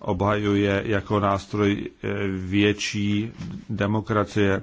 obhajuje jako nástroj eh, větší demokracie.